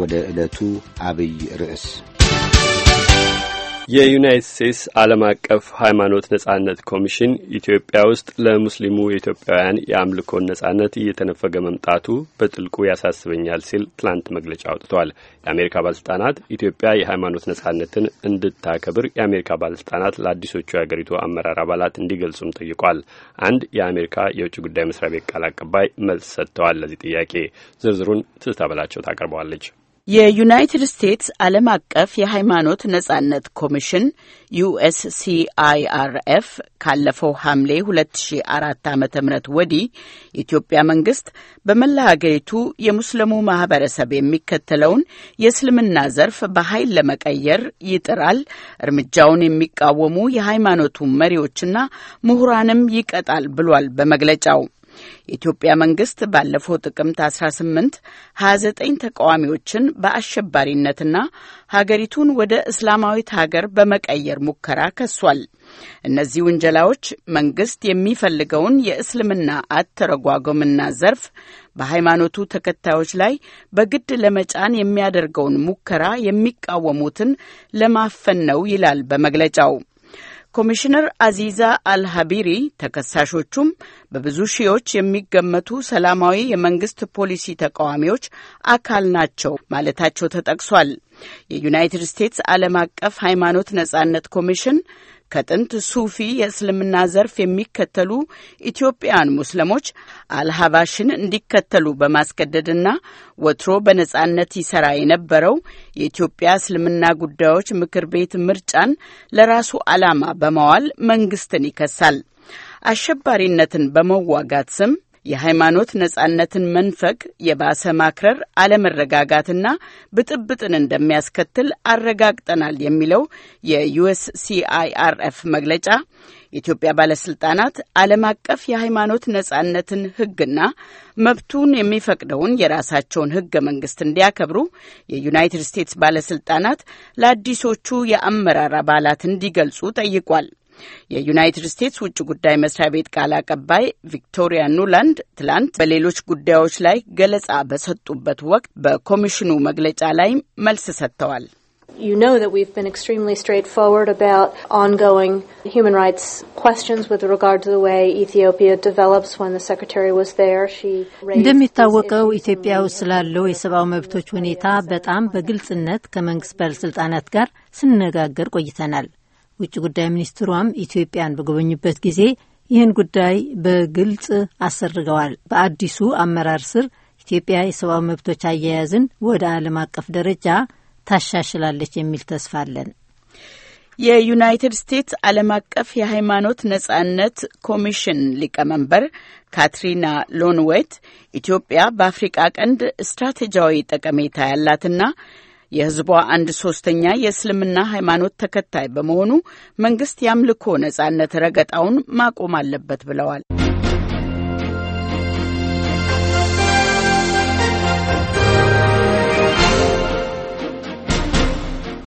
ወደ ዕለቱ አብይ ርዕስ የዩናይት ስቴትስ ዓለም አቀፍ ሃይማኖት ነጻነት ኮሚሽን ኢትዮጵያ ውስጥ ለሙስሊሙ የኢትዮጵያውያን የአምልኮን ነጻነት እየተነፈገ መምጣቱ በጥልቁ ያሳስበኛል ሲል ትላንት መግለጫ አውጥቷል። የአሜሪካ ባለስልጣናት ኢትዮጵያ የሃይማኖት ነጻነትን እንድታከብር የአሜሪካ ባለስልጣናት ለአዲሶቹ የአገሪቱ አመራር አባላት እንዲገልጹም ጠይቋል። አንድ የአሜሪካ የውጭ ጉዳይ መስሪያ ቤት ቃል አቀባይ መልስ ሰጥተዋል። ለዚህ ጥያቄ ዝርዝሩን ትዝታ በላቸው ታቀርበዋለች። የዩናይትድ ስቴትስ ዓለም አቀፍ የሃይማኖት ነጻነት ኮሚሽን ዩኤስሲአይአርኤፍ ካለፈው ሐምሌ 2004 ዓ ም ወዲህ የኢትዮጵያ መንግስት በመላ ሀገሪቱ የሙስሊሙ ማህበረሰብ የሚከተለውን የእስልምና ዘርፍ በኃይል ለመቀየር ይጥራል፣ እርምጃውን የሚቃወሙ የሃይማኖቱ መሪዎችና ምሁራንም ይቀጣል ብሏል በመግለጫው። የኢትዮጵያ መንግስት ባለፈው ጥቅምት 18 29 ተቃዋሚዎችን በአሸባሪነትና ሀገሪቱን ወደ እስላማዊት ሀገር በመቀየር ሙከራ ከሷል። እነዚህ ውንጀላዎች መንግስት የሚፈልገውን የእስልምና አተረጓጎምና ዘርፍ በሃይማኖቱ ተከታዮች ላይ በግድ ለመጫን የሚያደርገውን ሙከራ የሚቃወሙትን ለማፈን ነው ይላል በመግለጫው። ኮሚሽነር አዚዛ አልሀቢሪ ተከሳሾቹም በብዙ ሺዎች የሚገመቱ ሰላማዊ የመንግስት ፖሊሲ ተቃዋሚዎች አካል ናቸው ማለታቸው ተጠቅሷል። የዩናይትድ ስቴትስ ዓለም አቀፍ ሃይማኖት ነጻነት ኮሚሽን ከጥንት ሱፊ የእስልምና ዘርፍ የሚከተሉ ኢትዮጵያን ሙስሊሞች አልሀባሽን እንዲከተሉ በማስገደድና ወትሮ በነጻነት ይሰራ የነበረው የኢትዮጵያ እስልምና ጉዳዮች ምክር ቤት ምርጫን ለራሱ ዓላማ በማዋል መንግስትን ይከሳል። አሸባሪነትን በመዋጋት ስም የሃይማኖት ነጻነትን መንፈግ የባሰ ማክረር፣ አለመረጋጋትና ብጥብጥን እንደሚያስከትል አረጋግጠናል የሚለው የዩኤስ ሲአይአርኤፍ መግለጫ የኢትዮጵያ ባለስልጣናት ዓለም አቀፍ የሃይማኖት ነጻነትን ሕግና መብቱን የሚፈቅደውን የራሳቸውን ሕገ መንግስት እንዲያከብሩ የዩናይትድ ስቴትስ ባለስልጣናት ለአዲሶቹ የአመራር አባላት እንዲገልጹ ጠይቋል። የዩናይትድ ስቴትስ ውጭ ጉዳይ መስሪያ ቤት ቃል አቀባይ ቪክቶሪያ ኑላንድ ትላንት በሌሎች ጉዳዮች ላይ ገለጻ በሰጡበት ወቅት በኮሚሽኑ መግለጫ ላይ መልስ ሰጥተዋል። You know that we've been extremely straightforward about ongoing human rights questions with regard to the way Ethiopia develops. When the Secretary was there, she እንደሚታወቀው ኢትዮጵያ ውስጥ ስላለው የሰብአዊ መብቶች ሁኔታ በጣም በግልጽነት ከመንግስት ባለስልጣናት ጋር ስንነጋገር ቆይተናል። ውጭ ጉዳይ ሚኒስትሯም ኢትዮጵያን በጎበኙበት ጊዜ ይህን ጉዳይ በግልጽ አሰርገዋል። በአዲሱ አመራር ስር ኢትዮጵያ የሰብአዊ መብቶች አያያዝን ወደ ዓለም አቀፍ ደረጃ ታሻሽላለች የሚል ተስፋ አለን። የዩናይትድ ስቴትስ ዓለም አቀፍ የሃይማኖት ነጻነት ኮሚሽን ሊቀመንበር ካትሪና ሎንዌት ኢትዮጵያ በአፍሪቃ ቀንድ ስትራቴጂያዊ ጠቀሜታ ያላትና የህዝቧ አንድ ሶስተኛ የእስልምና ሃይማኖት ተከታይ በመሆኑ መንግስት የአምልኮ ነጻነት ረገጣውን ማቆም አለበት ብለዋል።